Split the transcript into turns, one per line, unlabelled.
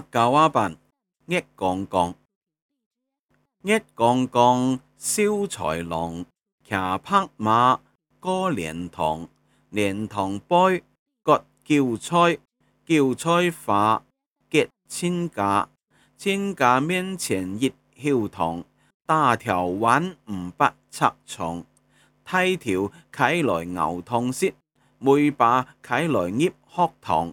客家話版，月光光，月光光，秀才郎，騎白馬，過蓮塘，蓮塘背，割韭菜，韭菜花，結親家，親家面前一口塘，打條鯇魚八尺長，大頭拿來熬湯食，尾巴拿來入學堂。